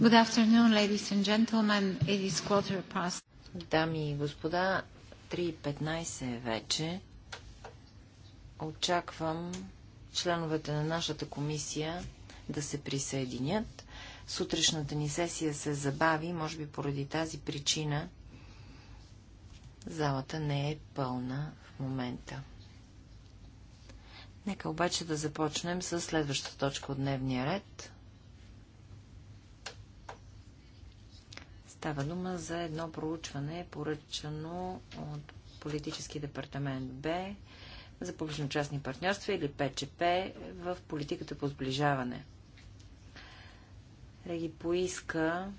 Good afternoon, ladies and gentlemen. It is quarter past. Дами и господа, 3.15 е вече. Очаквам членовете на нашата комисия да се присъединят. Сутрешната ни сесия се забави, може би поради тази причина залата не е пълна в момента. Нека обаче да започнем с следващата точка от дневния ред. Става дума за едно проучване, поръчано от политически департамент Б за публично-частни партньорства или ПЧП в политиката по сближаване. Реги поиска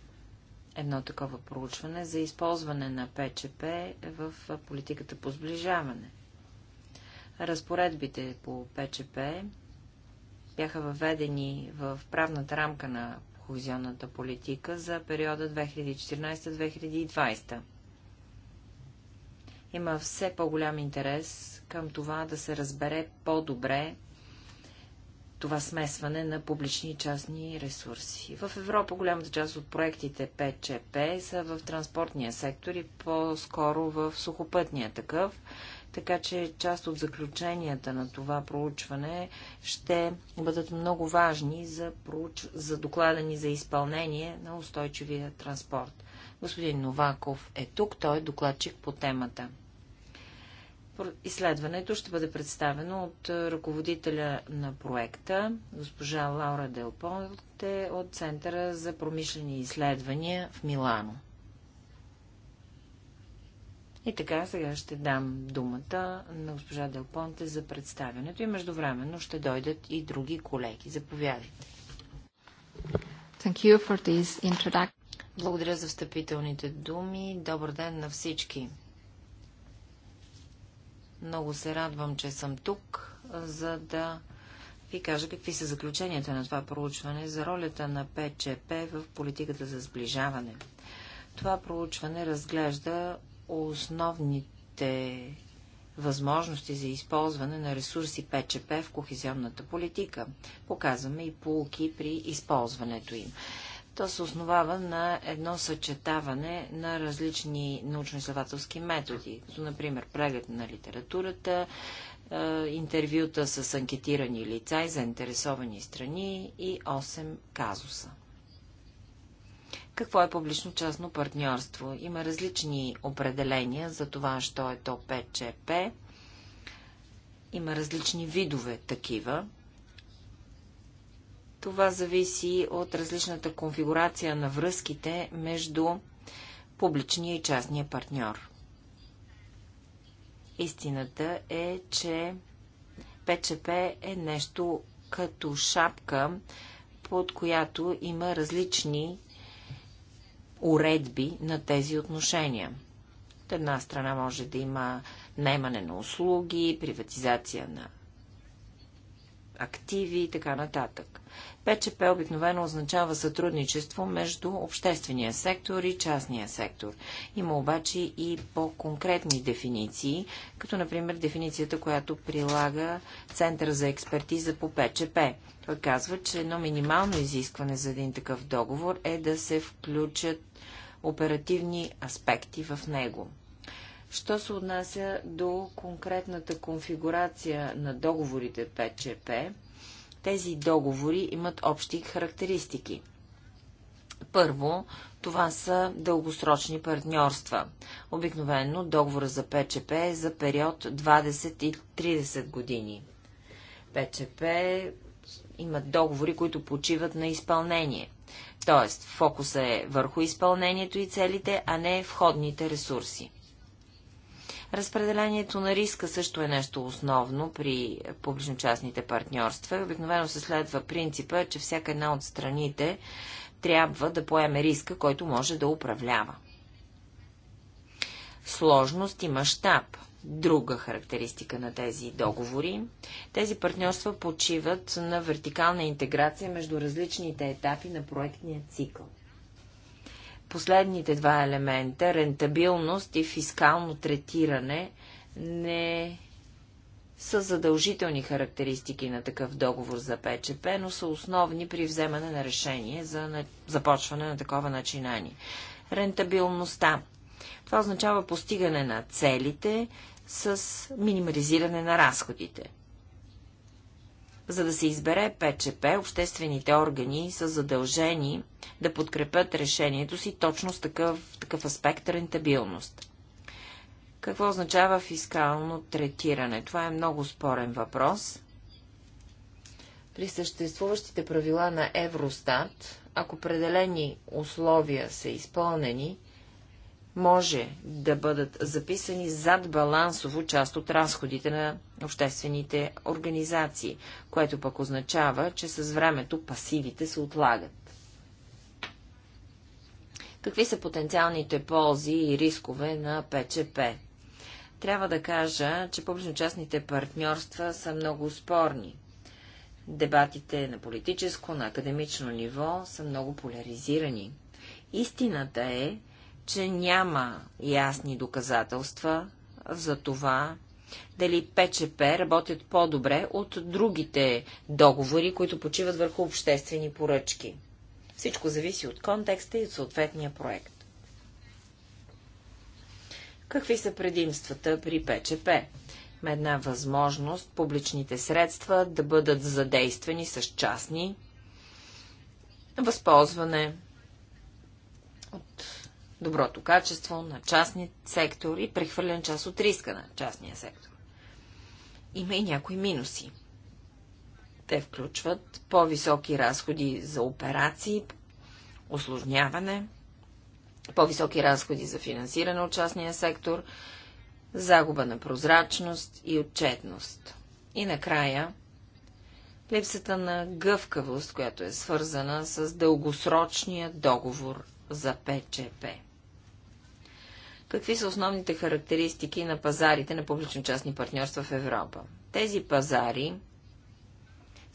едно такова проучване за използване на ПЧП в политиката по сближаване. Разпоредбите по ПЧП бяха въведени в правната рамка на кохезионната политика за периода 2014-2020. Има все по-голям интерес към това да се разбере по-добре това смесване на публични и частни ресурси. В Европа голямата част от проектите ПЧП са в транспортния сектор и по-скоро в сухопътния такъв, така че част от заключенията на това проучване ще бъдат много важни за, проуч... за доклада ни за изпълнение на устойчивия транспорт. Господин Новаков е тук, той е докладчик по темата. Изследването ще бъде представено от е, ръководителя на проекта, госпожа Лаура Делпонте от Центъра за промишлени изследвания в Милано. И така, сега ще дам думата на госпожа Делпонте за представянето и междувременно ще дойдат и други колеги. Заповядайте. Благодаря за встъпителните думи. Добър ден на всички. Много се радвам, че съм тук, за да ви кажа какви са заключенията на това проучване за ролята на ПЧП в политиката за сближаване. Това проучване разглежда основните възможности за използване на ресурси ПЧП в кохезионната политика. Показваме и полки при използването им. То се основава на едно съчетаване на различни научно-изследователски методи, като например преглед на литературата, е, интервюта с анкетирани лица и заинтересовани страни и 8 казуса. Какво е публично-частно партньорство? Има различни определения за това, що е то ПЧП. Има различни видове такива. Това зависи от различната конфигурация на връзките между публичния и частния партньор. Истината е, че ПЧП е нещо като шапка, под която има различни уредби на тези отношения. От една страна може да има наймане на услуги, приватизация на активи и така нататък. ПЧП обикновено означава сътрудничество между обществения сектор и частния сектор. Има обаче и по-конкретни дефиниции, като например дефиницията, която прилага Център за експертиза по ПЧП. Той казва, че едно минимално изискване за един такъв договор е да се включат оперативни аспекти в него. Що се отнася до конкретната конфигурация на договорите ПЧП, тези договори имат общи характеристики. Първо, това са дългосрочни партньорства. Обикновено договора за ПЧП е за период 20 и 30 години. ПЧП имат договори, които почиват на изпълнение. Тоест, фокуса е върху изпълнението и целите, а не входните ресурси. Разпределението на риска също е нещо основно при публично-частните партньорства. Обикновено се следва принципа, че всяка една от страните трябва да поеме риска, който може да управлява. Сложност и мащаб друга характеристика на тези договори. Тези партньорства почиват на вертикална интеграция между различните етапи на проектния цикъл – последните два елемента, рентабилност и фискално третиране, не са задължителни характеристики на такъв договор за ПЧП, но са основни при вземане на решение за започване на такова начинание. Рентабилността. Това означава постигане на целите с минимализиране на разходите. За да се избере ПЧП, обществените органи са задължени да подкрепят решението си точно с такъв, такъв аспект рентабилност. Какво означава фискално третиране? Това е много спорен въпрос. При съществуващите правила на Евростат, ако определени условия са изпълнени, може да бъдат записани зад балансово част от разходите на обществените организации, което пък означава, че с времето пасивите се отлагат. Какви са потенциалните ползи и рискове на ПЧП? Трябва да кажа, че публично-частните партньорства са много спорни. Дебатите на политическо, на академично ниво са много поляризирани. Истината е, че няма ясни доказателства за това, дали ПЧП работят по-добре от другите договори, които почиват върху обществени поръчки. Всичко зависи от контекста и от съответния проект. Какви са предимствата при ПЧП? Една възможност публичните средства да бъдат задействани с частни, възползване доброто качество на частния сектор и прехвърлен част от риска на частния сектор. Има и някои минуси. Те включват по-високи разходи за операции, осложняване, по-високи разходи за финансиране от частния сектор, загуба на прозрачност и отчетност. И накрая липсата на гъвкавост, която е свързана с дългосрочния договор за ПЧП. Какви са основните характеристики на пазарите на публично-частни партньорства в Европа? Тези пазари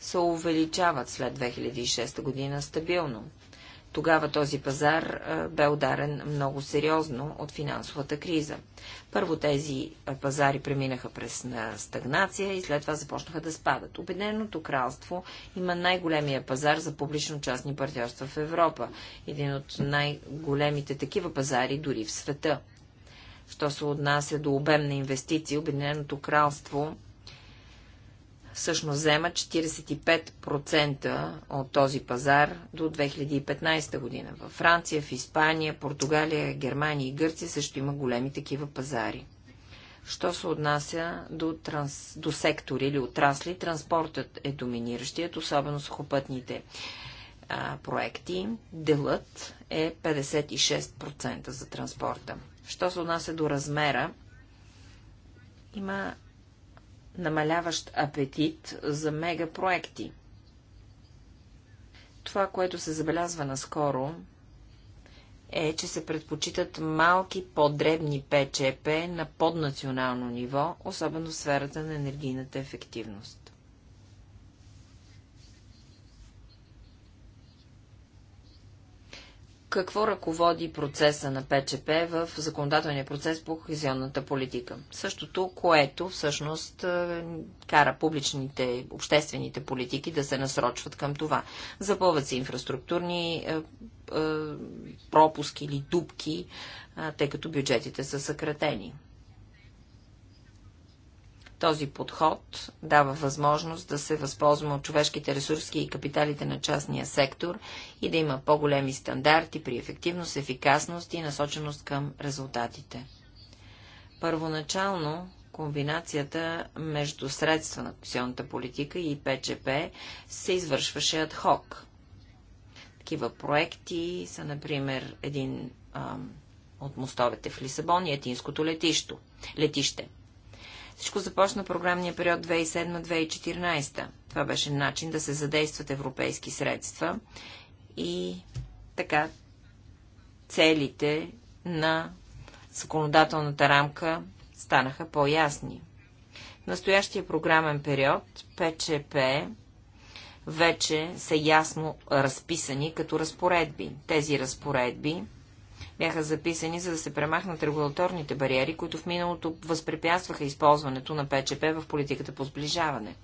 се увеличават след 2006 година стабилно. Тогава този пазар бе ударен много сериозно от финансовата криза. Първо тези пазари преминаха през стагнация и след това започнаха да спадат. Обединеното кралство има най-големия пазар за публично-частни партньорства в Европа. Един от най-големите такива пазари дори в света. Що се отнася до обем на инвестиции, Обединеното кралство всъщност взема 45% от този пазар до 2015 година. Във Франция, в Испания, Португалия, Германия и Гърция също има големи такива пазари. Що се отнася до, транс, до сектори или отрасли, транспортът е доминиращият, особено сухопътните а, проекти. Делът е 56% за транспорта. Що се отнася до размера, има намаляващ апетит за мегапроекти. Това, което се забелязва наскоро, е, че се предпочитат малки, по-дребни ПЧП на поднационално ниво, особено в сферата на енергийната ефективност. какво ръководи процеса на ПЧП в законодателния процес по кохезионната политика. Същото, което всъщност е, кара публичните, обществените политики да се насрочват към това. Запълват се инфраструктурни е, е, пропуски или дупки, тъй като бюджетите са съкратени. Този подход дава възможност да се възползваме от човешките ресурски и капиталите на частния сектор и да има по-големи стандарти при ефективност, ефикасност и насоченост към резултатите. Първоначално комбинацията между средства на акционната политика и ПЧП се извършваше адхок. Такива проекти са, например, един от мостовете в Лисабон и етинското летище – всичко започна програмния период 2007-2014. Това беше начин да се задействат европейски средства и така целите на законодателната рамка станаха по-ясни. В настоящия програмен период ПЧП вече са ясно разписани като разпоредби. Тези разпоредби бяха записани, за да се премахнат регулаторните бариери, които в миналото възпрепятстваха използването на ПЧП в политиката по сближаване.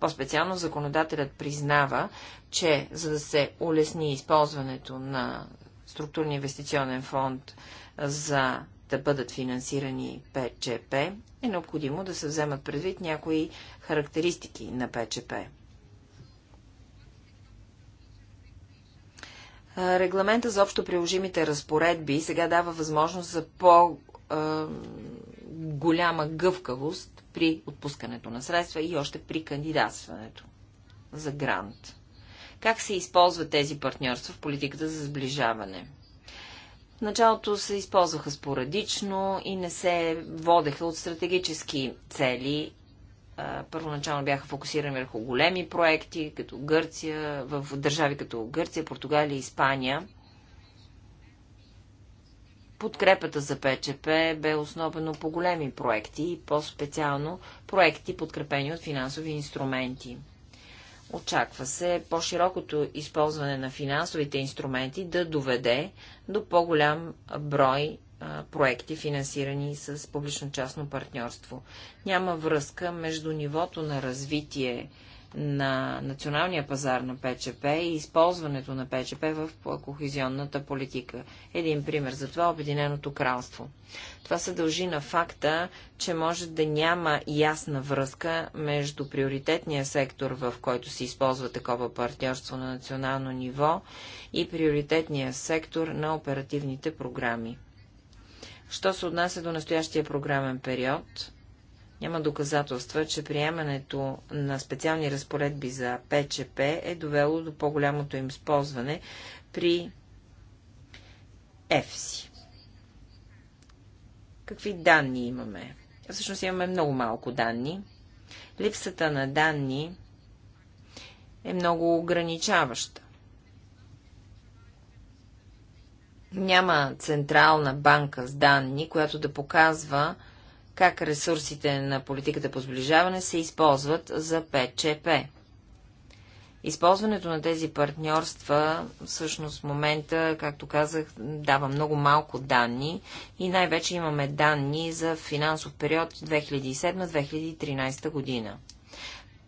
По-специално законодателят признава, че за да се улесни използването на структурния инвестиционен фонд за да бъдат финансирани ПЧП, е необходимо да се вземат предвид някои характеристики на ПЧП. Регламента за общо приложимите разпоредби сега дава възможност за по-голяма гъвкавост при отпускането на средства и още при кандидатстването за грант. Как се използват тези партньорства в политиката за сближаване? В началото се използваха спорадично и не се водеха от стратегически цели първоначално бяха фокусирани върху големи проекти, като Гърция, в държави като Гърция, Португалия, Испания. Подкрепата за ПЧП бе основено по големи проекти и по-специално проекти, подкрепени от финансови инструменти. Очаква се по-широкото използване на финансовите инструменти да доведе до по-голям брой проекти, финансирани с публично-частно партньорство. Няма връзка между нивото на развитие на националния пазар на ПЧП и използването на ПЧП в кохезионната политика. Един пример за това е Обединеното кралство. Това се дължи на факта, че може да няма ясна връзка между приоритетния сектор, в който се използва такова партньорство на национално ниво и приоритетния сектор на оперативните програми. Що се отнася до настоящия програмен период, няма доказателства, че приемането на специални разпоредби за ПЧП е довело до по-голямото им използване при ЕФСИ. Какви данни имаме? Всъщност имаме много малко данни. Липсата на данни е много ограничаваща. Няма централна банка с данни, която да показва как ресурсите на политиката по сближаване се използват за ПЧП. Използването на тези партньорства, всъщност в момента, както казах, дава много малко данни и най-вече имаме данни за финансов период 2007-2013 година.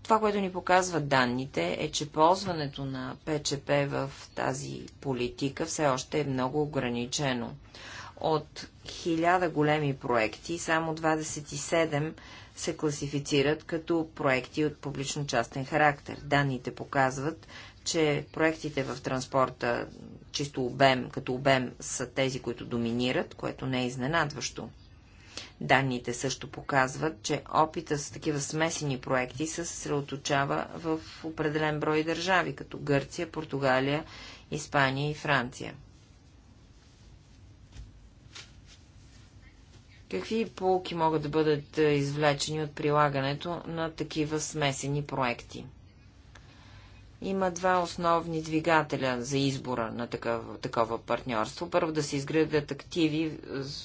Това, което ни показват данните, е, че ползването на ПЧП в тази политика все още е много ограничено. От 1000 големи проекти, само 27 се класифицират като проекти от публично-частен характер. Данните показват, че проектите в транспорта, чисто обем, като обем, са тези, които доминират, което не е изненадващо. Данните също показват, че опита с такива смесени проекти се съсредоточава в определен брой държави, като Гърция, Португалия, Испания и Франция. Какви полки могат да бъдат е, извлечени от прилагането на такива смесени проекти? Има два основни двигателя за избора на такъв, такова партньорство. Първо да се изградят активи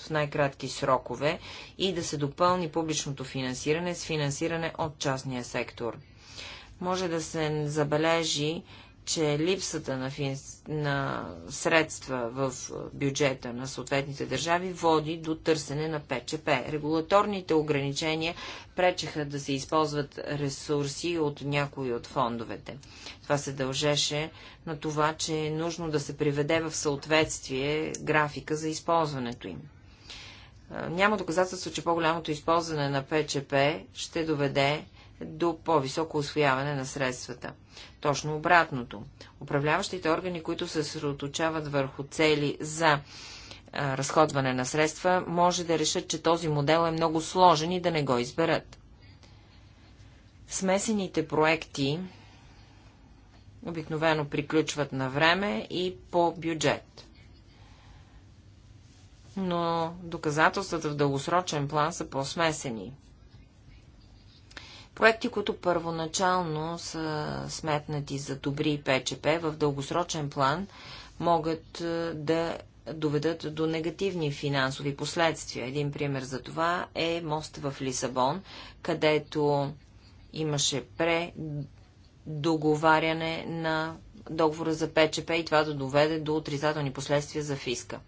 в най-кратки срокове и да се допълни публичното финансиране с финансиране от частния сектор. Може да се забележи че липсата на, фин... на средства в бюджета на съответните държави води до търсене на ПЧП. Регулаторните ограничения пречеха да се използват ресурси от някои от фондовете. Това се дължеше на това, че е нужно да се приведе в съответствие графика за използването им. Няма доказателство, че по-голямото използване на ПЧП ще доведе до по-високо освояване на средствата. Точно обратното. Управляващите органи, които се съсредоточават върху цели за а, разходване на средства, може да решат, че този модел е много сложен и да не го изберат. Смесените проекти обикновено приключват на време и по бюджет. Но доказателствата в дългосрочен план са по-смесени – Проекти, които първоначално са сметнати за добри ПЧП, в дългосрочен план могат е, да доведат до негативни финансови последствия. Един пример за това е мост в Лисабон, където имаше предоговаряне на договора за ПЧП и това да доведе до отрицателни последствия за фиска.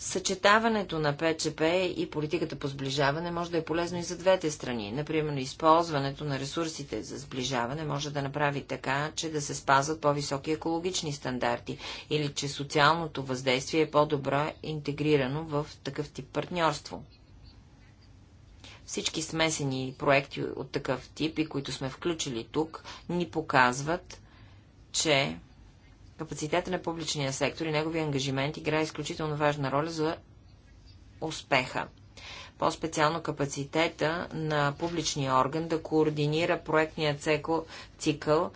Съчетаването на ПЧП и политиката по сближаване може да е полезно и за двете страни. Например, използването на ресурсите за сближаване може да направи така, че да се спазват по-високи екологични стандарти или че социалното въздействие е по-добро интегрирано в такъв тип партньорство. Всички смесени проекти от такъв тип и които сме включили тук, ни показват, че Капацитета на публичния сектор и негови ангажимент играе изключително важна роля за успеха. По-специално капацитета на публичния орган да координира проектния цикъл,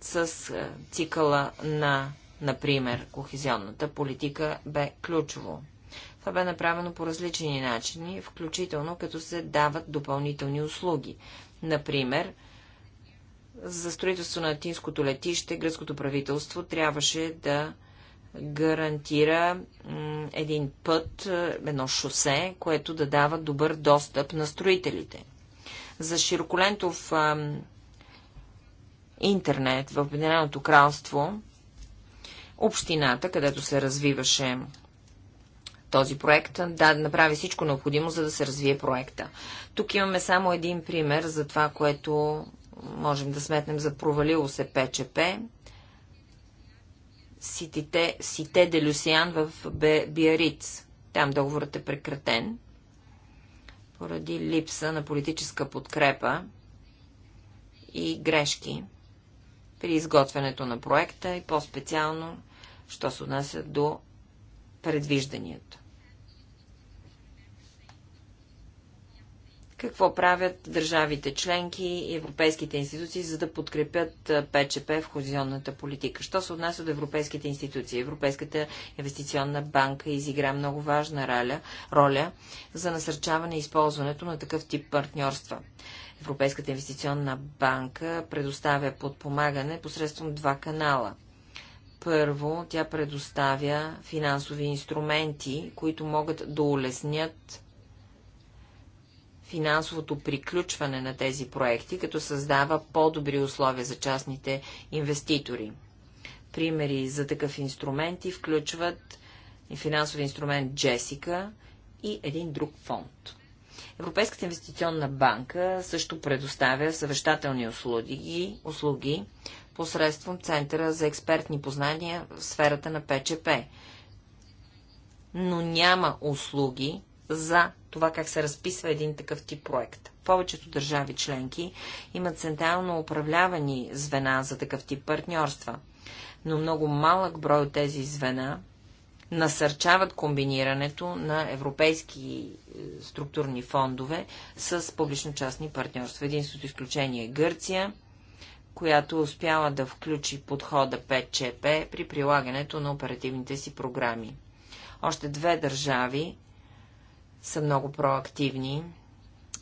с е, цикъла на, например, кохезионната политика бе ключово. Това бе направено по различни начини, включително като се дават допълнителни услуги. Например, за строителство на Атинското летище гръцкото правителство трябваше да гарантира един път, е, едно шосе, което да дава добър достъп на строителите. За широколентов интернет в Обединеното кралство, общината, където се развиваше този проект, да, направи всичко необходимо, за да се развие проекта. Тук имаме само един пример за това, което можем да сметнем за провалило се ПЧП, Сите, Сите де Люсиан в Биариц. Там договорът е прекратен поради липса на политическа подкрепа и грешки при изготвянето на проекта и по-специално, що се отнася до предвижданията. какво правят държавите членки и европейските институции, за да подкрепят ПЧП в хозионната политика. Що се отнася до европейските институции? Европейската инвестиционна банка изигра много важна роля, роля за насърчаване и използването на такъв тип партньорства. Европейската инвестиционна банка предоставя подпомагане посредством два канала. Първо, тя предоставя финансови инструменти, които могат да улеснят финансовото приключване на тези проекти, като създава по-добри условия за частните инвеститори. Примери за такъв инструменти включват финансов инструмент Джесика и един друг фонд. Европейската инвестиционна банка също предоставя съвещателни услуги, услуги посредством Центъра за експертни познания в сферата на ПЧП. Но няма услуги за това как се разписва един такъв тип проект. Повечето държави членки имат централно управлявани звена за такъв тип партньорства, но много малък брой от тези звена насърчават комбинирането на европейски е, структурни фондове с публично-частни партньорства. Единството изключение е Гърция, която успяла да включи подхода 5ЧП при прилагането на оперативните си програми. Още две държави са много проактивни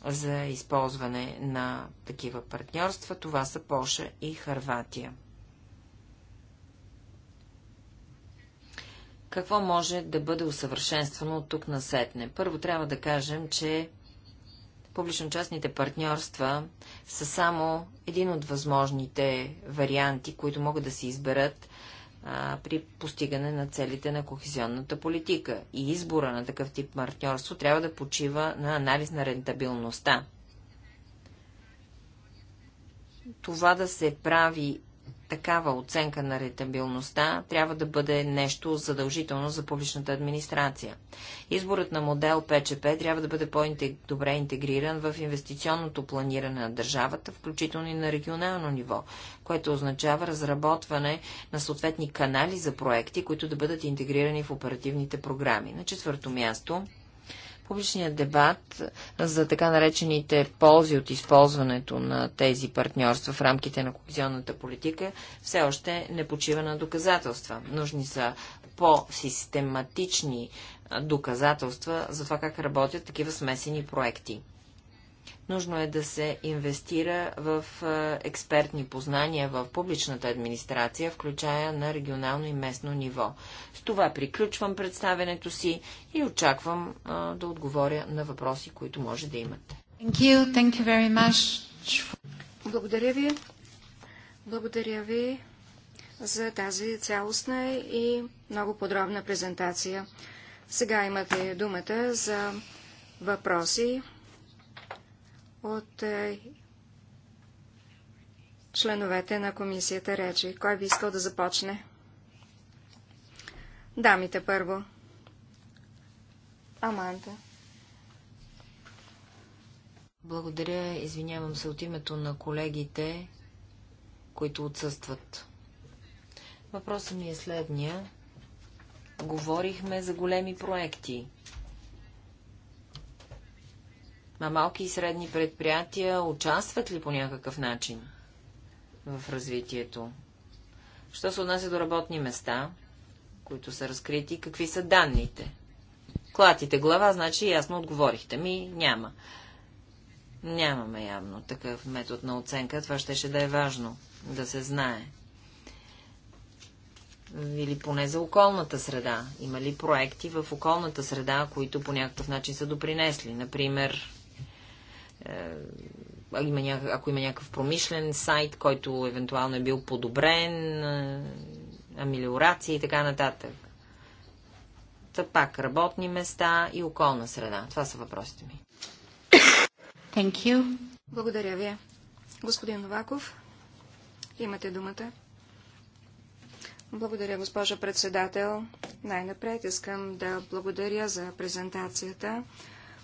за използване на такива партньорства. Това са Польша и Харватия. Какво може да бъде усъвършенствано от тук на сетне? Първо трябва да кажем, че публично-частните партньорства са само един от възможните варианти, които могат да се изберат а, при постигане на целите на кохезионната политика. И избора на такъв тип партньорство трябва да почива на анализ на рентабилността. Това да се прави такава оценка на ретабилността трябва да бъде нещо задължително за публичната администрация. Изборът на модел ПЧП трябва да бъде по-добре интегриран в инвестиционното планиране на държавата, включително и на регионално ниво, което означава разработване на съответни канали за проекти, които да бъдат интегрирани в оперативните програми. На четвърто място Публичният дебат за така наречените ползи от използването на тези партньорства в рамките на кохезионната политика все още не почива на доказателства. Нужни са по-систематични доказателства за това как работят такива смесени проекти. Нужно е да се инвестира в експертни познания в публичната администрация, включая на регионално и местно ниво. С това приключвам представенето си и очаквам да отговоря на въпроси, които може да имате. Thank you. Thank you very much. Благодаря ви. Благодаря ви за тази цялостна и много подробна презентация. Сега имате думата за въпроси от е, членовете на комисията речи. Кой би искал да започне? Дамите първо. Аманта. Благодаря. Извинявам се от името на колегите, които отсъстват. Въпросът ми е следния. Говорихме за големи проекти на малки и средни предприятия участват ли по някакъв начин в развитието? Що се отнася до работни места, които са разкрити, какви са данните? Клатите глава, значи ясно отговорихте. Ми няма. Нямаме явно такъв метод на оценка. Това ще, ще да е важно да се знае. Или поне за околната среда. Има ли проекти в околната среда, които по някакъв начин са допринесли? Например, е, има няк... ако има някакъв промишлен сайт, който евентуално е бил подобрен, е, амелиорации и така нататък. Та пак работни места и околна среда. Това са въпросите ми. Thank you. Благодаря ви. Господин Новаков, имате думата. Благодаря, госпожа председател. Най-напред искам да благодаря за презентацията.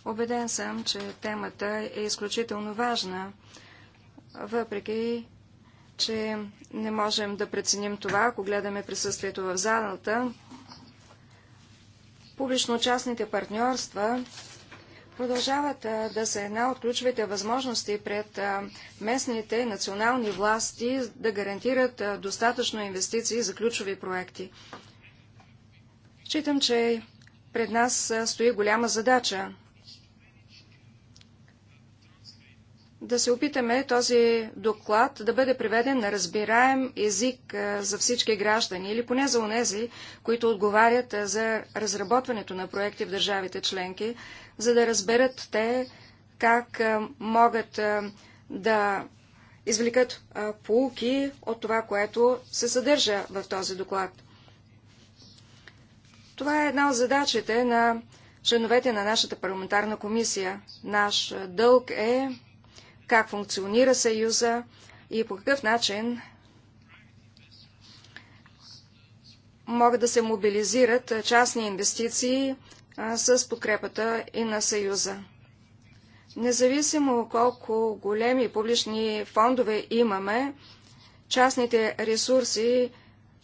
Обеден съм, че темата е изключително важна, въпреки че не можем да преценим това, ако гледаме присъствието в залата. Публично-частните партньорства продължават да са една от ключовите възможности пред местните национални власти да гарантират достатъчно инвестиции за ключови проекти. Считам, че пред нас стои голяма задача да се опитаме този доклад да бъде преведен на разбираем език за всички граждани или поне за онези, които отговарят за разработването на проекти в държавите членки, за да разберат те как могат да извлекат полуки от това, което се съдържа в този доклад. Това е една от задачите на членовете на нашата парламентарна комисия. Наш дълг е как функционира Съюза и по какъв начин могат да се мобилизират частни инвестиции а, с подкрепата и на Съюза. Независимо колко големи публични фондове имаме, частните ресурси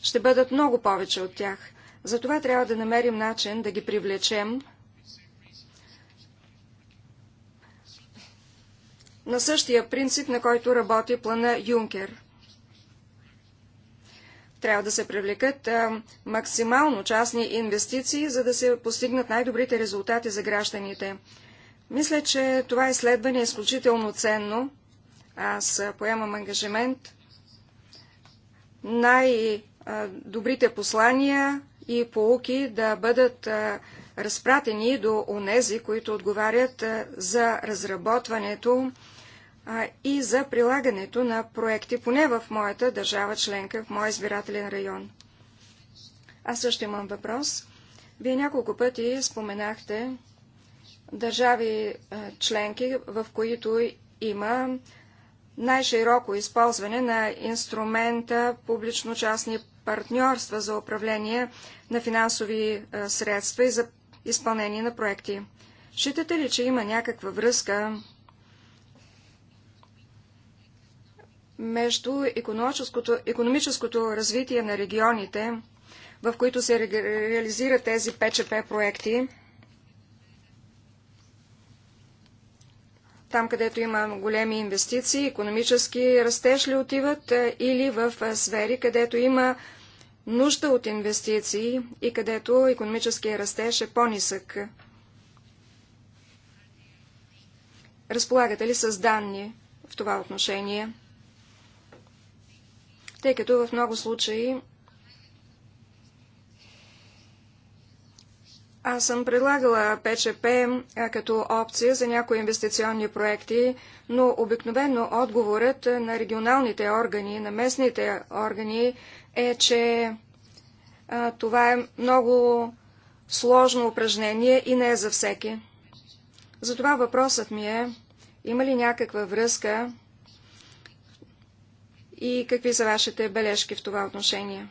ще бъдат много повече от тях. Затова трябва да намерим начин да ги привлечем на същия принцип, на който работи плана Юнкер. Трябва да се привлекат а, максимално частни инвестиции, за да се постигнат най-добрите резултати за гражданите. Мисля, че това изследване е изключително ценно. Аз поемам ангажимент най-добрите послания и полуки да бъдат а, разпратени до онези, които отговарят за разработването и за прилагането на проекти, поне в моята държава членка, в моя избирателен район. Аз също имам въпрос. Вие няколко пъти споменахте държави членки, в които има най-широко използване на инструмента публично-частни партньорства за управление на финансови средства и за изпълнение на проекти. Считате ли, че има някаква връзка между економическото, економическото развитие на регионите, в които се ре, реализират тези ПЧП проекти, там където има големи инвестиции, економически растеж ли отиват е, или в е, сфери, където има нужда от инвестиции и където економическия растеж е по-нисък. Разполагате ли с данни в това отношение? Тъй като в много случаи Аз съм предлагала ПЧП като опция за някои инвестиционни проекти, но обикновено отговорът на регионалните органи, на местните органи е, че а, това е много сложно упражнение и не е за всеки. Затова въпросът ми е, има ли някаква връзка и какви са вашите бележки в това отношение?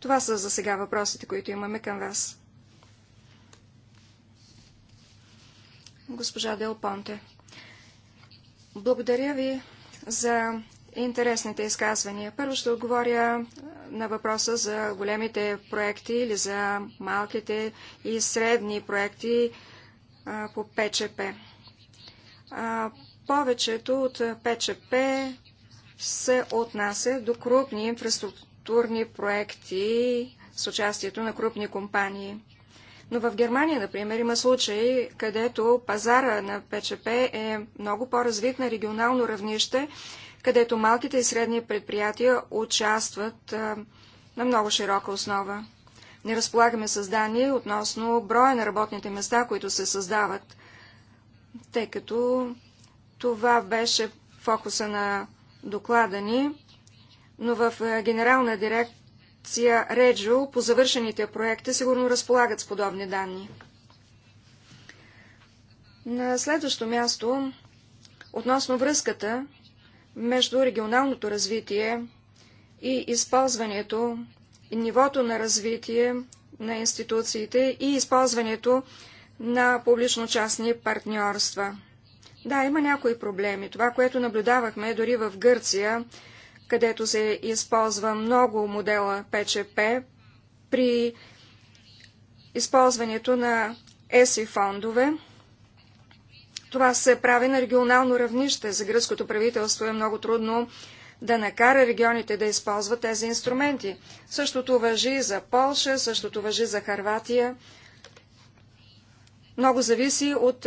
Това са за сега въпросите, които имаме към вас. госпожа Дел Понте. Благодаря ви за интересните изказвания. Първо ще отговоря на въпроса за големите проекти или за малките и средни проекти по ПЧП. повечето от ПЧП се отнася до крупни инфраструктурни проекти с участието на крупни компании. Но в Германия, например, има случаи, където пазара на ПЧП е много по-развит на регионално равнище, където малките и средни предприятия участват а, на много широка основа. Не разполагаме с данни относно броя на работните места, които се създават, тъй като това беше фокуса на доклада ни, но в Генерална дирек дирекция Реджо по завършените проекти сигурно разполагат с подобни данни. На следващо място, относно връзката между регионалното развитие и използването и нивото на развитие на институциите и използването на публично-частни партньорства. Да, има някои проблеми. Това, което наблюдавахме дори в Гърция, където се използва много модела ПЧП при използването на ЕСИ фондове. Това се прави на регионално равнище. За гръцкото правителство е много трудно да накара регионите да използват тези инструменти. Същото въжи за Полша, същото въжи за Харватия. Много зависи от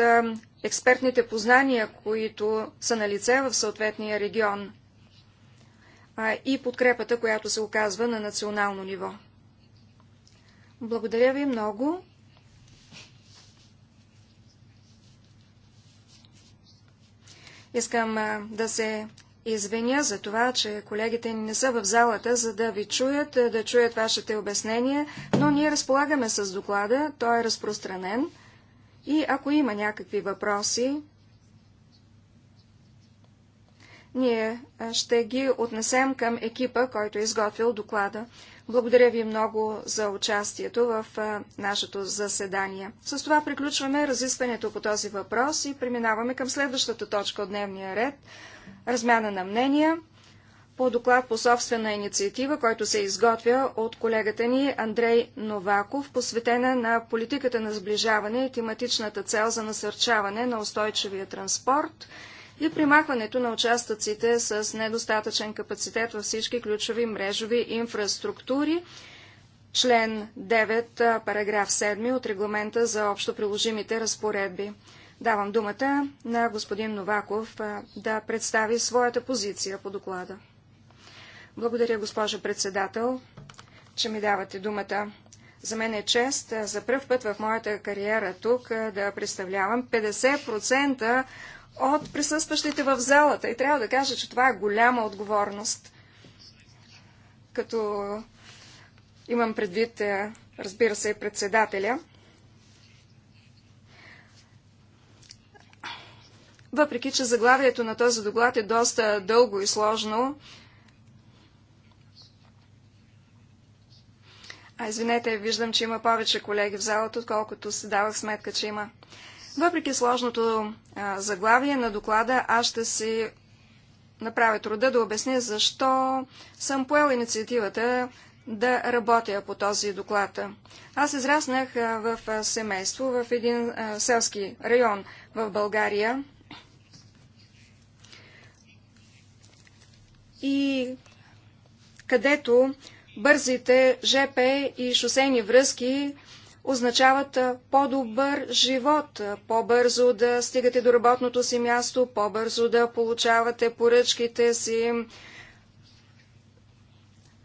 експертните познания, които са на лице в съответния регион и подкрепата, която се оказва на национално ниво. Благодаря ви много. Искам а, да се извиня за това, че колегите ни не са в залата, за да ви чуят, да чуят вашите обяснения, но ние разполагаме с доклада, той е разпространен и ако има някакви въпроси, ние ще ги отнесем към екипа, който е изготвил доклада. Благодаря ви много за участието в нашето заседание. С това приключваме разискването по този въпрос и преминаваме към следващата точка от дневния ред – размяна на мнения по доклад по собствена инициатива, който се изготвя от колегата ни Андрей Новаков, посветена на политиката на сближаване и тематичната цел за насърчаване на устойчивия транспорт – и примахването на участъците с недостатъчен капацитет във всички ключови мрежови инфраструктури, член 9, параграф 7 от регламента за общо приложимите разпоредби. Давам думата на господин Новаков да представи своята позиция по доклада. Благодаря, госпожо председател, че ми давате думата. За мен е чест за първ път в моята кариера тук да представлявам 50% от присъстващите в залата. И трябва да кажа, че това е голяма отговорност. Като имам предвид, е, разбира се, и председателя. Въпреки, че заглавието на този доклад е доста дълго и сложно, а извинете, виждам, че има повече колеги в залата, отколкото си давах сметка, че има. Въпреки сложното заглавие на доклада, аз ще си направя труда да обясня защо съм поел инициативата да работя по този доклад. Аз израснах в семейство в един селски район в България. И където бързите ЖП и шосейни връзки означават по-добър живот, по-бързо да стигате до работното си място, по-бързо да получавате поръчките си,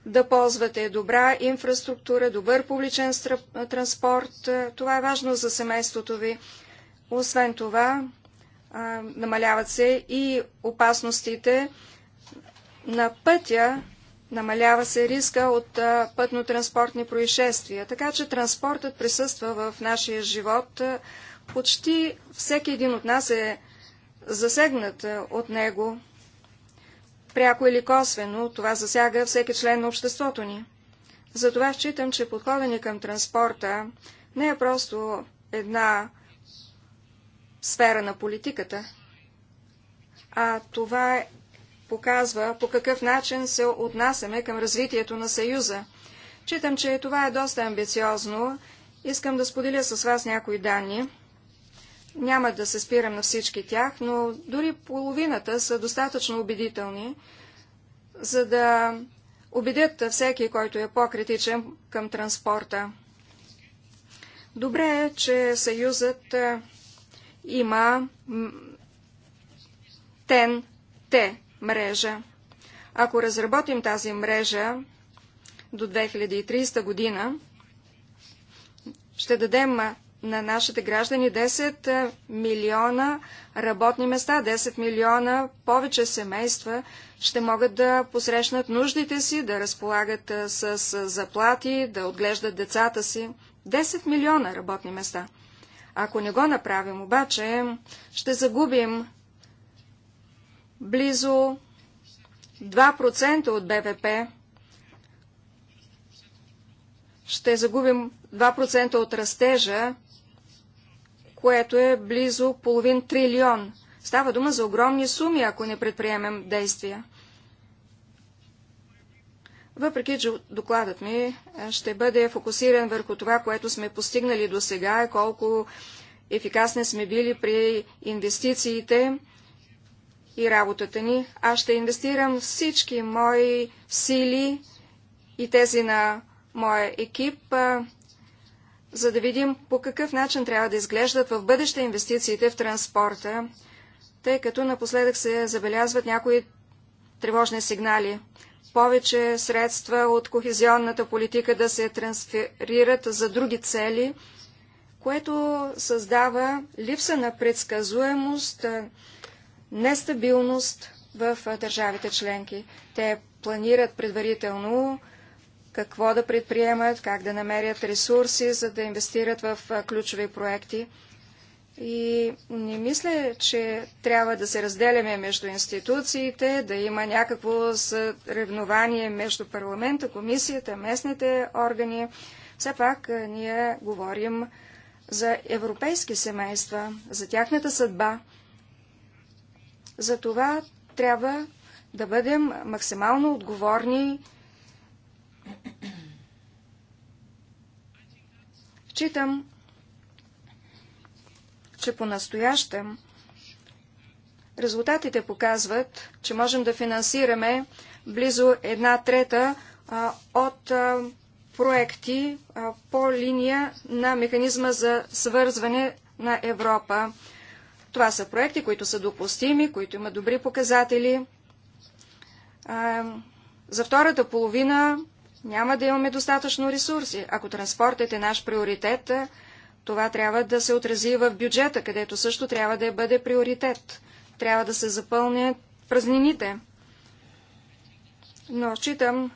да ползвате добра инфраструктура, добър публичен транспорт. Това е важно за семейството ви. Освен това, намаляват се и опасностите на пътя Намалява се риска от пътно-транспортни происшествия, така че транспортът присъства в нашия живот. Почти всеки един от нас е засегнат от него. Пряко или косвено това засяга всеки член на обществото ни. Затова считам, че подходът ни към транспорта не е просто една сфера на политиката, а това е показва по какъв начин се отнасяме към развитието на Съюза. Читам, че това е доста амбициозно. Искам да споделя с вас някои данни. Няма да се спирам на всички тях, но дори половината са достатъчно убедителни, за да убедят всеки, който е по-критичен към транспорта. Добре е, че Съюзът е, има ТЕН-Т мрежа. Ако разработим тази мрежа до 2030 година, ще дадем на нашите граждани 10 милиона работни места, 10 милиона повече семейства ще могат да посрещнат нуждите си, да разполагат с заплати, да отглеждат децата си. 10 милиона работни места. Ако не го направим обаче, ще загубим близо 2% от БВП. Ще загубим 2% от растежа, което е близо половин трилион. Става дума за огромни суми, ако не предприемем действия. Въпреки, че докладът ми е, ще бъде фокусиран върху това, което сме постигнали до сега, колко ефикасни сме били при инвестициите, и работата ни. Аз ще инвестирам всички мои сили и тези на моя екип, за да видим по какъв начин трябва да изглеждат в бъдеще инвестициите в транспорта, тъй като напоследък се забелязват някои тревожни сигнали. Повече средства от кохезионната политика да се трансферират за други цели, което създава липса на предсказуемост, нестабилност в държавите членки. Те планират предварително какво да предприемат, как да намерят ресурси, за да инвестират в ключови проекти. И не мисля, че трябва да се разделяме между институциите, да има някакво съревнование между парламента, комисията, местните органи. Все пак ние говорим за европейски семейства, за тяхната съдба. Затова трябва да бъдем максимално отговорни. Читам, че по-настоящем резултатите показват, че можем да финансираме близо една трета от проекти по линия на механизма за свързване на Европа. Това са проекти, които са допустими, които имат добри показатели. За втората половина няма да имаме достатъчно ресурси. Ако транспортът е наш приоритет, това трябва да се отрази в бюджета, където също трябва да бъде приоритет. Трябва да се запълнят празнините. Но считам,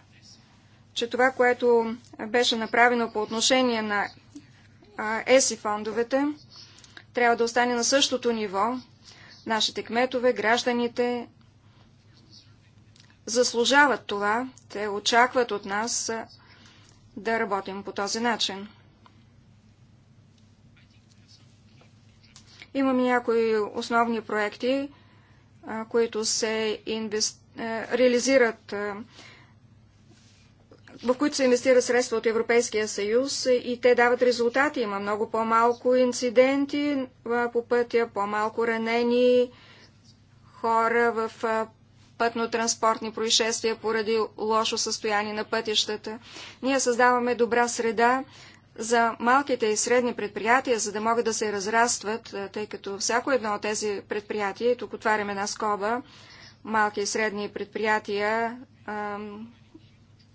че това, което беше направено по отношение на ЕСИ фондовете, трябва да остане на същото ниво. Нашите кметове, гражданите заслужават това. Те очакват от нас да работим по този начин. Имаме някои основни проекти, които се инвест... реализират в които се инвестира средства от Европейския съюз и те дават резултати. Има много по-малко инциденти по пътя, по-малко ранени хора в пътно-транспортни происшествия поради лошо състояние на пътищата. Ние създаваме добра среда за малките и средни предприятия, за да могат да се разрастват, тъй като всяко едно от тези предприятия, тук отваряме една скоба, малки и средни предприятия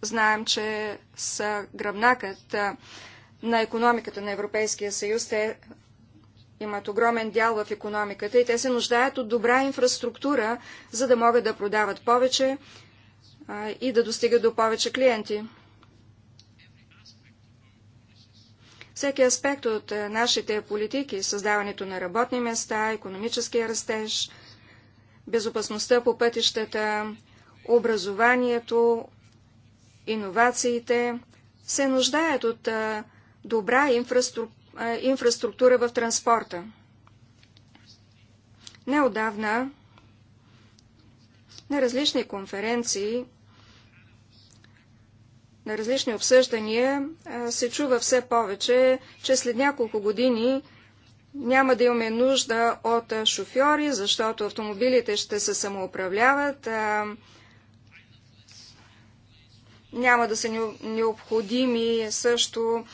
Знаем, че са гръбнакът на економиката на Европейския съюз. Те имат огромен дял в економиката и те се нуждаят от добра инфраструктура, за да могат да продават повече и да достигат до повече клиенти. Всеки аспект от нашите политики, създаването на работни места, економическия растеж, безопасността по пътищата, образованието, иновациите се нуждаят от добра инфраструк... инфраструктура в транспорта. Неодавна на различни конференции, на различни обсъждания се чува все повече, че след няколко години няма да имаме нужда от шофьори, защото автомобилите ще се самоуправляват, няма да са необходими също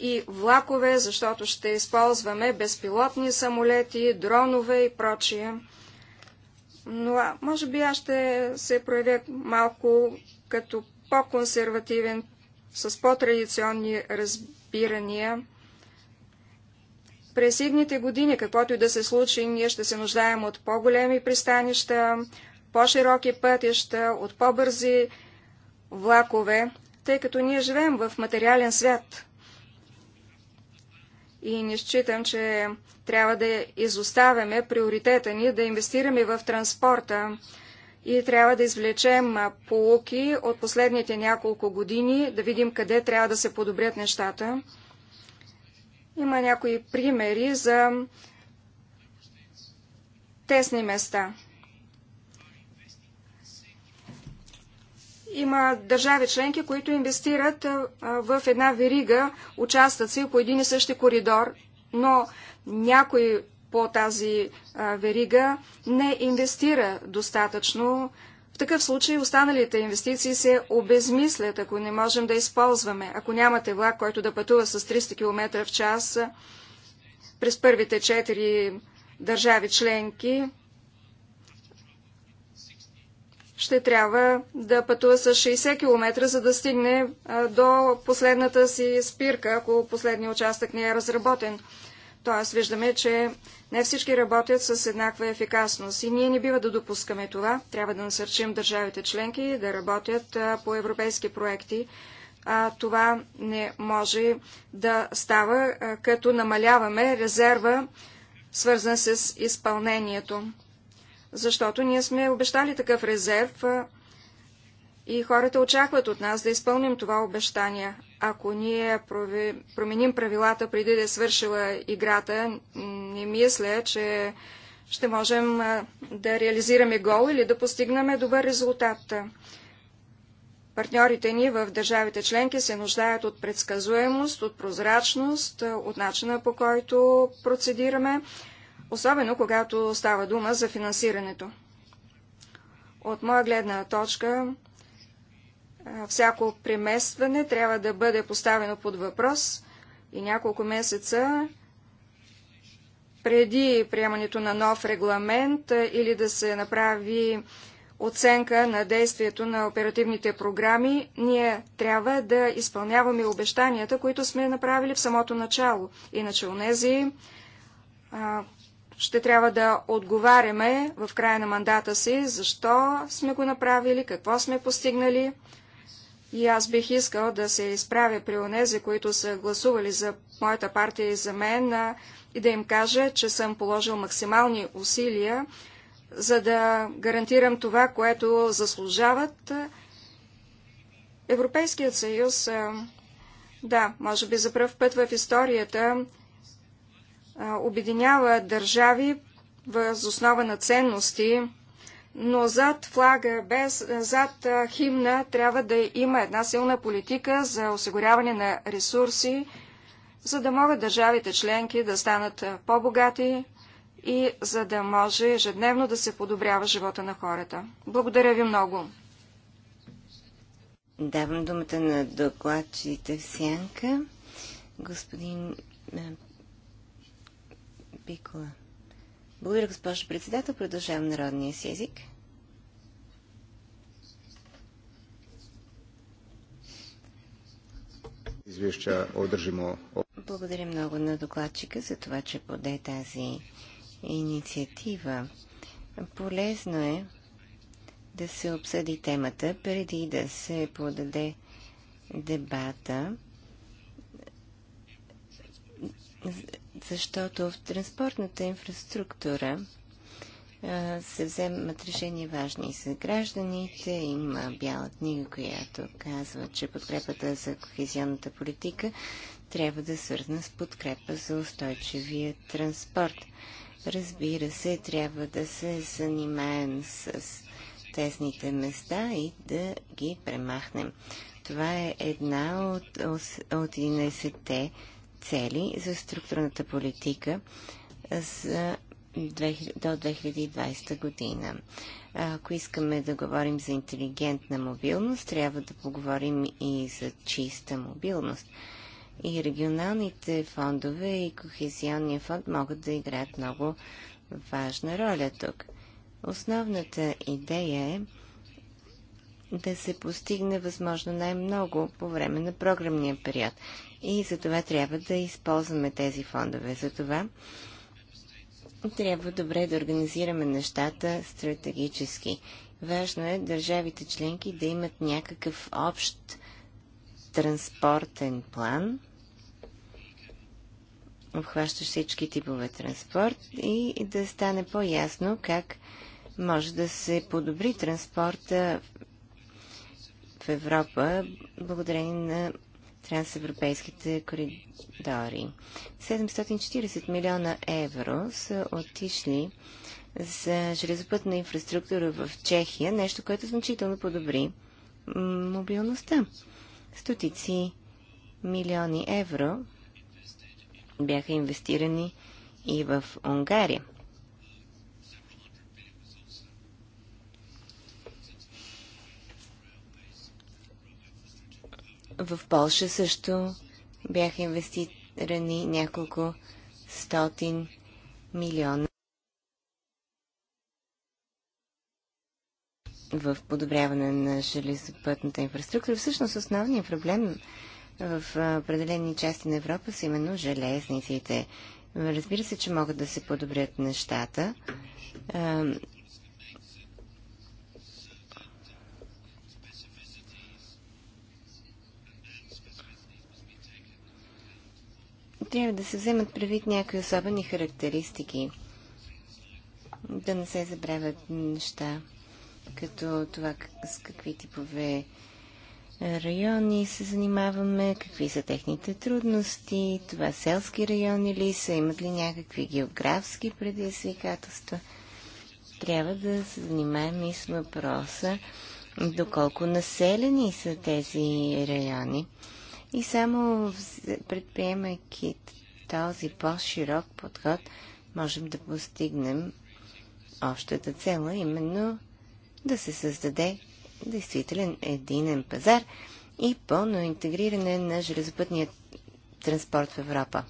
и влакове, защото ще използваме безпилотни самолети, дронове и прочие. Но може би аз ще се проявя малко като по-консервативен, с по-традиционни разбирания. През идните години, каквото и да се случи, ние ще се нуждаем от по-големи пристанища, по-широки пътища, от по-бързи влакове, тъй като ние живеем в материален свят. И не считам, че трябва да изоставяме приоритета ни да инвестираме в транспорта и трябва да извлечем полуки от последните няколко години, да видим къде трябва да се подобрят нещата. Има някои примери за тесни места. Има държави членки, които инвестират в една верига участъци по един и същи коридор, но някой по тази верига не инвестира достатъчно. В такъв случай останалите инвестиции се обезмислят, ако не можем да използваме. Ако нямате влак, който да пътува с 300 км в час през първите 4 държави членки, ще трябва да пътува с 60 км, за да стигне до последната си спирка, ако последният участък не е разработен. Тоест, виждаме, че не всички работят с еднаква ефикасност и ние не бива да допускаме това. Трябва да насърчим държавите членки да работят по европейски проекти. А това не може да става, като намаляваме резерва, свързан с изпълнението защото ние сме обещали такъв резерв и хората очакват от нас да изпълним това обещание. Ако ние променим правилата преди да е свършила играта, не мисля, че ще можем да реализираме гол или да постигнем добър резултат. Партньорите ни в държавите членки се нуждаят от предсказуемост, от прозрачност, от начина по който процедираме особено когато става дума за финансирането. От моя гледна точка, всяко преместване трябва да бъде поставено под въпрос и няколко месеца преди приемането на нов регламент или да се направи оценка на действието на оперативните програми, ние трябва да изпълняваме обещанията, които сме направили в самото начало. Иначе нези, ще трябва да отговаряме в края на мандата си, защо сме го направили, какво сме постигнали. И аз бих искал да се изправя при онези, които са гласували за моята партия и за мен, и да им кажа, че съм положил максимални усилия, за да гарантирам това, което заслужават. Европейският съюз, да, може би за пръв път в историята, обединява държави въз основа на ценности, но зад флага, без, зад химна трябва да има една силна политика за осигуряване на ресурси, за да могат държавите членки да станат по-богати и за да може ежедневно да се подобрява живота на хората. Благодаря ви много. Давам думата на докладчите в Сянка. Господин Пикова. Благодаря, госпожо председател. Продължавам народния си език. Извеща одържимо. Благодаря много на докладчика за това, че поде тази инициатива. Полезно е да се обсъди темата преди да се подаде дебата защото в транспортната инфраструктура се вземат решения важни и за гражданите. Има бяла книга, която казва, че подкрепата за кохезионната политика трябва да е свързна с подкрепа за устойчивия транспорт. Разбира се, трябва да се занимаем с тесните места и да ги премахнем. Това е една от, от 11-те цели за структурната политика за до 2020 година. Ако искаме да говорим за интелигентна мобилност, трябва да поговорим и за чиста мобилност. И регионалните фондове и Кохезионния фонд могат да играят много важна роля тук. Основната идея е да се постигне възможно най-много по време на програмния период и за това трябва да използваме тези фондове. За това трябва добре да организираме нещата стратегически. Важно е държавите членки да имат някакъв общ транспортен план, обхващащ всички типове транспорт и да стане по-ясно как може да се подобри транспорта в Европа благодарение на трансевропейските коридори. 740 милиона евро са отишли за железопътна инфраструктура в Чехия, нещо, което значително подобри мобилността. Стотици милиони евро бяха инвестирани и в Унгария. В Польша също бяха инвестирани няколко стотин милиона в подобряване на железопътната инфраструктура. Всъщност основният проблем в определени части на Европа са именно железниците. Разбира се, че могат да се подобрят нещата. трябва да се вземат предвид някои особени характеристики. Да не се забравят неща, като това с какви типове райони се занимаваме, какви са техните трудности, това селски райони ли са, имат ли някакви географски предизвикателства. Трябва да се занимаем и с въпроса доколко населени са тези райони и само предприемайки този по-широк подход, можем да постигнем общата цел, именно да се създаде действителен единен пазар и пълно интегриране на железопътния транспорт в Европа.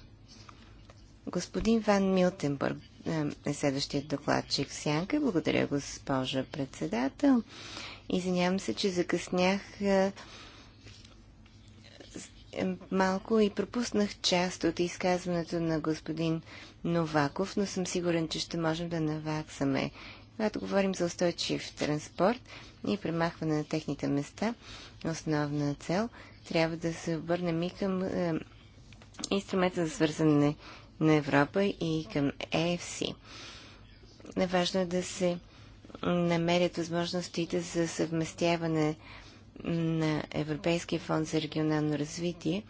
Господин Ван Милтенбърг е, е следващия докладчик в Сянка. Благодаря, госпожа председател. Извинявам се, че закъснях. Е, малко и пропуснах част от изказването на господин Новаков, но съм сигурен, че ще можем да наваксаме. Когато говорим за устойчив транспорт и премахване на техните места, основна цел, трябва да се обърнем и към е, инструмента за свързане на Европа и към ЕФСИ. Важно е да се намерят възможностите за съвместяване на Европейския фонд за регионално развитие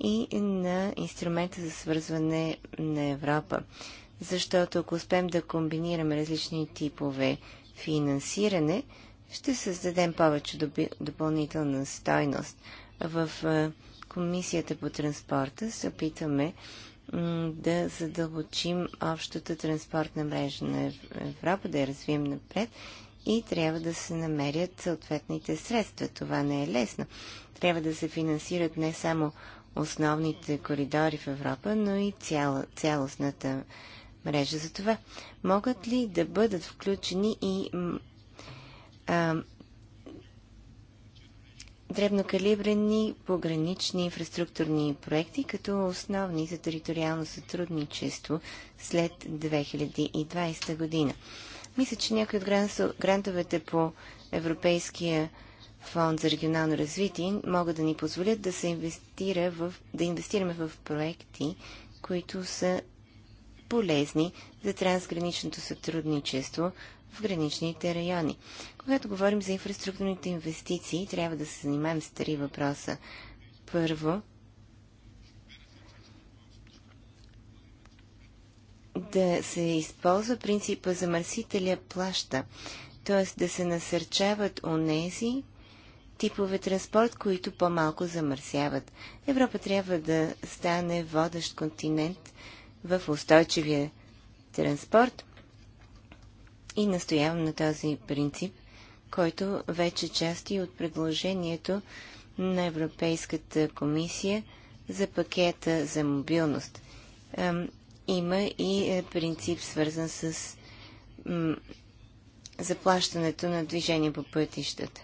и на инструмента за свързване на Европа. Защото ако успеем да комбинираме различни типове финансиране, ще създадем повече допълнителна стойност. В Комисията по транспорта се опитваме да задълбочим общата транспортна мрежа на Европа, да я развием напред и трябва да се намерят съответните средства. Това не е лесно. Трябва да се финансират не само основните коридори в Европа, но и цяло, цялостната мрежа. За това могат ли да бъдат включени и а, дребнокалибрени погранични инфраструктурни проекти като основни за териториално сътрудничество след 2020 година. Мисля, че някои от грантовете по Европейския фонд за регионално развитие могат да ни позволят да се инвестира в, да инвестираме в проекти, които са полезни за трансграничното сътрудничество в граничните райони. Когато говорим за инфраструктурните инвестиции, трябва да се занимаем с три въпроса. Първо, да се използва принципа замърсителя плаща, т.е. да се насърчават онези типове транспорт, които по-малко замърсяват. Европа трябва да стане водещ континент в устойчивия транспорт и настоявам на този принцип, който вече части от предложението на Европейската комисия за пакета за мобилност има и е, принцип свързан с заплащането на движение по пътищата.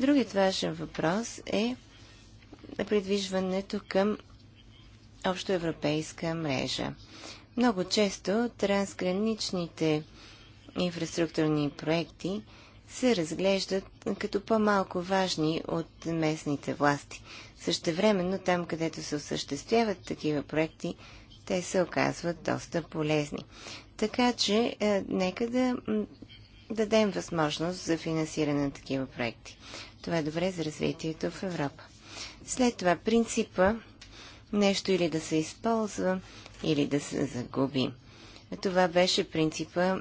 Другият важен въпрос е придвижването към общоевропейска мрежа. Много често трансграничните инфраструктурни проекти се разглеждат като по-малко важни от местните власти. Същевременно там, където се осъществяват такива проекти, те се оказват доста полезни. Така че, е, нека да дадем възможност за финансиране на такива проекти. Това е добре за развитието в Европа. След това принципа нещо или да се използва, или да се загуби. Това беше принципа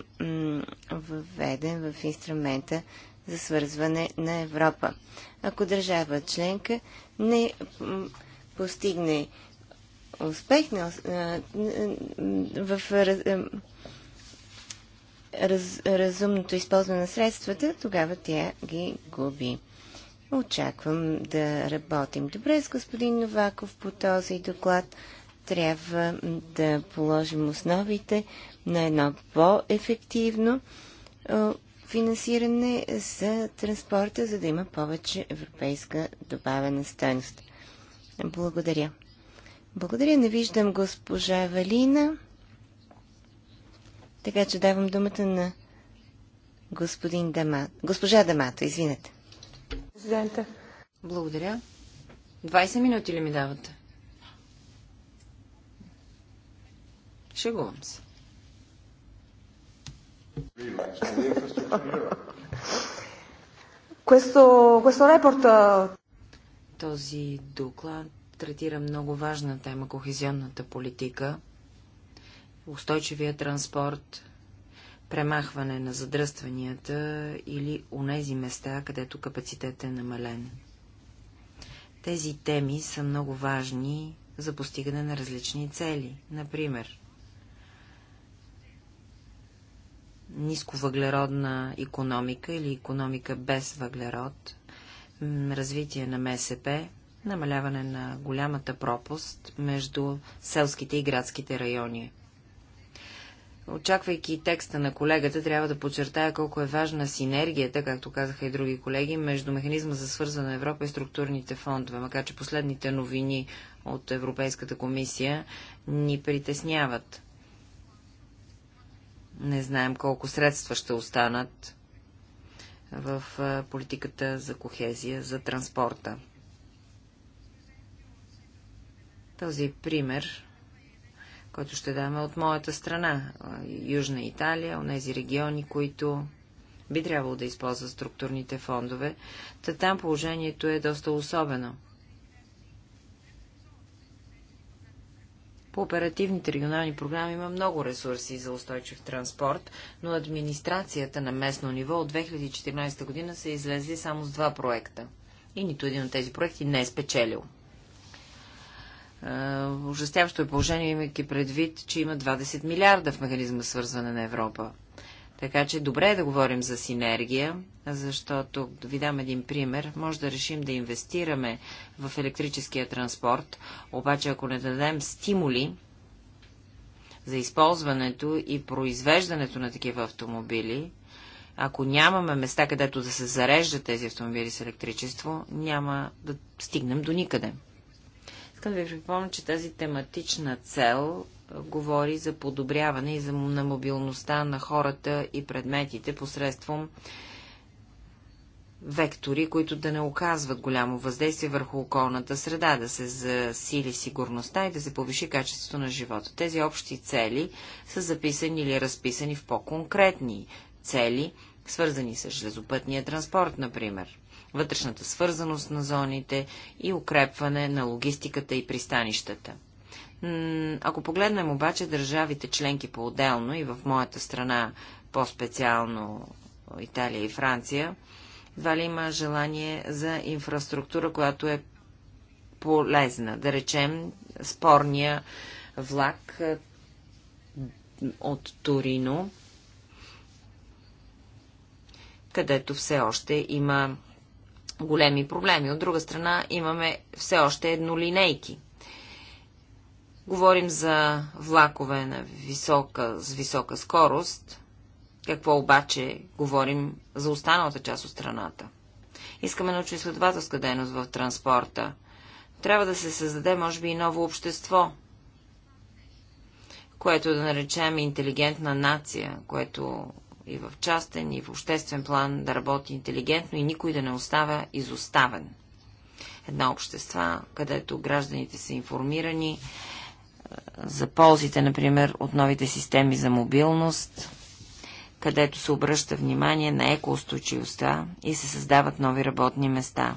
въведен в инструмента за свързване на Европа. Ако държава членка не постигне успех не, в раз, разумното използване на средствата, тогава тя ги губи. Очаквам да работим добре с господин Новаков по този доклад. Трябва да положим основите на едно по-ефективно финансиране за транспорта, за да има повече европейска добавена стойност. Благодаря. Благодаря, не виждам госпожа Валина. Така че давам думата на господин Дамат. Госпожа Дамато, извинете. Президента. Благодаря. 20 минути ли ми давате? Шегувам се. Questo, questo report... Този доклад третира много важна тема кохезионната политика, устойчивия транспорт, премахване на задръстванията или унези места, където капацитет е намален. Тези теми са много важни за постигане на различни цели. Например, нисковъглеродна економика или економика без въглерод, развитие на МСП, намаляване на голямата пропуст между селските и градските райони. Очаквайки текста на колегата, трябва да подчертая колко е важна синергията, както казаха и други колеги, между механизма за свързана на Европа и структурните фондове, макар че последните новини от Европейската комисия ни притесняват. Не знаем колко средства ще останат в политиката за кохезия, за транспорта. Този пример, който ще даме от моята страна, Южна Италия, тези региони, които би трябвало да използват структурните фондове, та там положението е доста особено. По оперативните регионални програми има много ресурси за устойчив транспорт, но администрацията на местно ниво от 2014 година са излезе само с два проекта. И нито един от тези проекти не е спечелил. Е, ужасяващо е положение, имайки предвид, че има 20 милиарда в механизма свързване на Европа. Така че добре е да говорим за синергия, защото, ви дам един пример, може да решим да инвестираме в електрическия транспорт, обаче ако не дадем стимули за използването и произвеждането на такива автомобили, ако нямаме места, където да се зареждат тези автомобили с електричество, няма да стигнем до никъде. Искам да ви припомня, че тази тематична цел говори за подобряване и за на мобилността на хората и предметите посредством вектори, които да не оказват голямо въздействие върху околната среда, да се засили сигурността и да се повиши качеството на живота. Тези общи цели са записани или разписани в по-конкретни цели, свързани с железопътния транспорт, например вътрешната свързаност на зоните и укрепване на логистиката и пристанищата. Ако погледнем обаче държавите членки по-отделно и в моята страна по-специално Италия и Франция, едва ли има желание за инфраструктура, която е полезна. Да речем, спорния влак е, от Торино, където все още има големи проблеми. От друга страна имаме все още еднолинейки. Говорим за влакове на висока, с висока скорост. Какво обаче говорим за останалата част от страната? Искаме научно-изследователска дейност в транспорта. Трябва да се създаде, може би, и ново общество, което да наречем интелигентна нация, което и в частен, и в обществен план да работи интелигентно и никой да не остава изоставен. Една общества, където гражданите са информирани е, за ползите, например, от новите системи за мобилност, където се обръща внимание на екоустойчивостта и се създават нови работни места.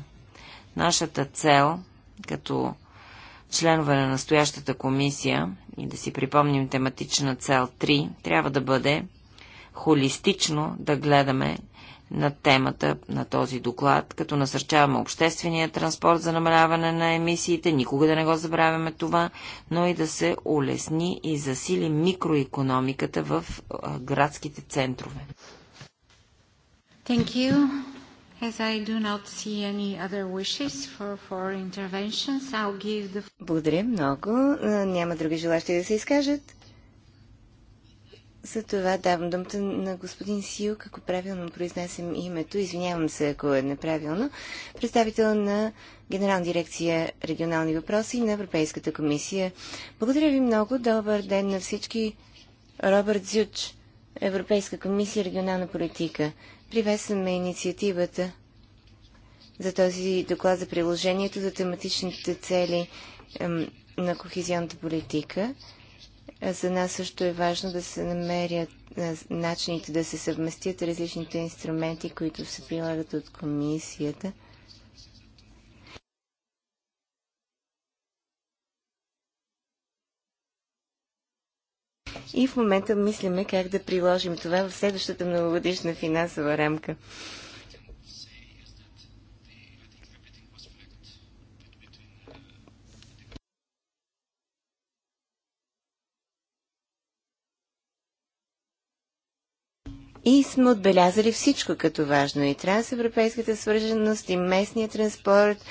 Нашата цел, като членове на настоящата комисия и да си припомним тематична цел 3, трябва да бъде холистично да гледаме на темата на този доклад, като насърчаваме обществения транспорт за намаляване на емисиите, никога да не го забравяме това, но и да се улесни и засили микроекономиката в градските центрове. Thank you. As I do not see any other wishes for, for interventions, I'll give the... Благодаря много. Няма други желащи да се изкажат. За това давам думата на господин Сил. ако правилно произнесем името, извинявам се, ако е неправилно, представител на Генерална дирекция регионални въпроси на Европейската комисия. Благодаря ви много. Добър ден на всички. Робърт Зюч, Европейска комисия регионална политика. Приветстваме инициативата за този доклад за приложението за тематичните цели на кохезионната политика. За нас също е важно да се намерят е, начините да се съвместят различните инструменти, които се прилагат от комисията. И в момента мислиме как да приложим това в следващата многогодишна финансова рамка. и сме отбелязали всичко като важно. И трансевропейската свърженост, и местния транспорт,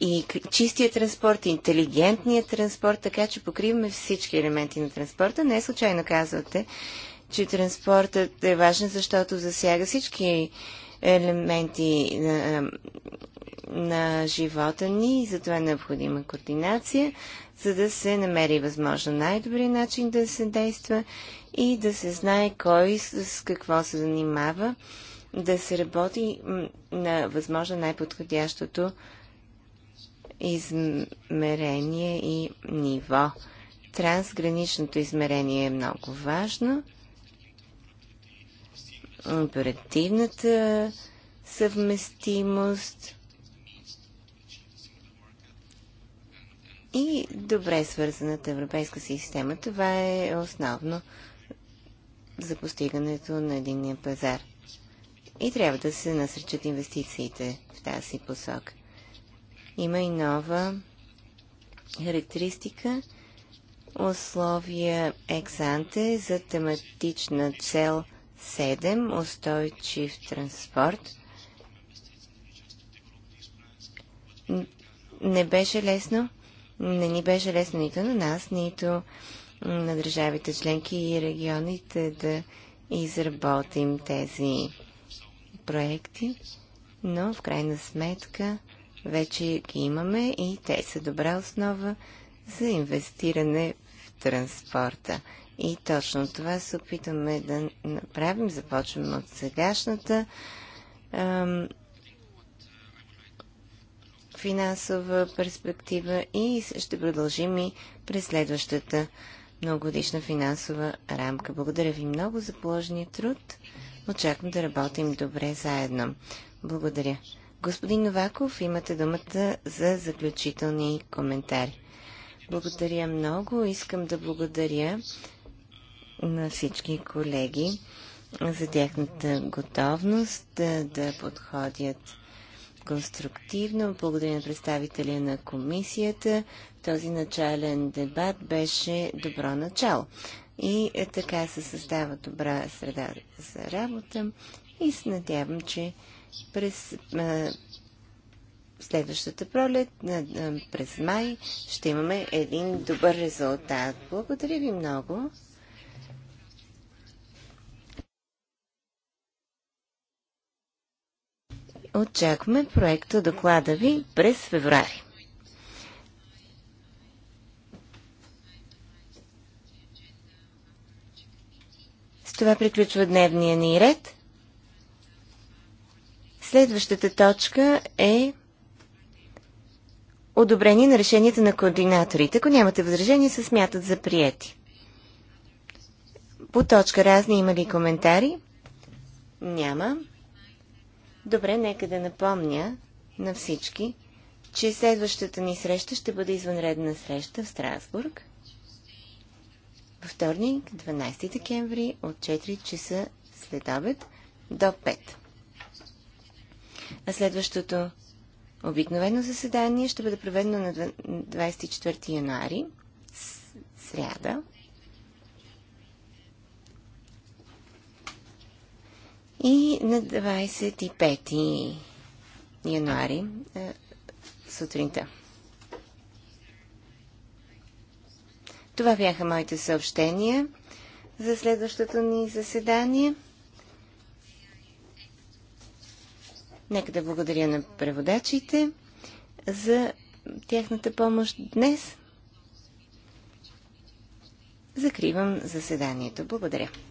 и чистия транспорт, и интелигентния транспорт, така че покриваме всички елементи на транспорта. Не е случайно казвате, че транспортът е важен, защото засяга всички елементи на, на живота ни и затова е необходима координация за да се намери възможно най-добри начин да се действа и да се знае кой с какво се занимава, да се работи на възможно най-подходящото измерение и ниво. Трансграничното измерение е много важно. Оперативната съвместимост и добре свързаната европейска система. Това е основно за постигането на единния пазар. И трябва да се насръчат инвестициите в тази посока. Има и нова характеристика условия ексанте за тематична цел 7 устойчив транспорт. Не беше лесно не ни беше лесно нито на нас, нито на държавите членки и регионите да изработим тези проекти, но в крайна сметка вече ги имаме и те са добра основа за инвестиране в транспорта. И точно това се опитваме да направим. Започваме от сегашната финансова перспектива и ще продължим и през следващата многогодишна финансова рамка. Благодаря ви много за положения труд. Очаквам да работим добре заедно. Благодаря. Господин Новаков, имате думата за заключителни коментари. Благодаря много. Искам да благодаря на всички колеги за тяхната готовност да, да подходят конструктивно. Благодаря на представителя на комисията. Този начален дебат беше добро начало. И е така се създава добра среда за работа и се надявам, че през а, следващата пролет, а, а, през май, ще имаме един добър резултат. Благодаря ви много. очакваме проекта доклада ви през феврари. С това приключва дневния ни ред. Следващата точка е одобрение на решенията на координаторите. Ако нямате възражения, се смятат за прияти. По точка разни има ли коментари? Няма. Добре, нека да напомня на всички, че следващата ни среща ще бъде извънредна среща в Страсбург. Във вторник, 12 декември, от 4 часа след обед до 5. А следващото обикновено заседание ще бъде проведено на 24 януари, сряда, И на 25 януари сутринта. Това бяха моите съобщения за следващото ни заседание. Нека да благодаря на преводачите за тяхната помощ днес. Закривам заседанието. Благодаря.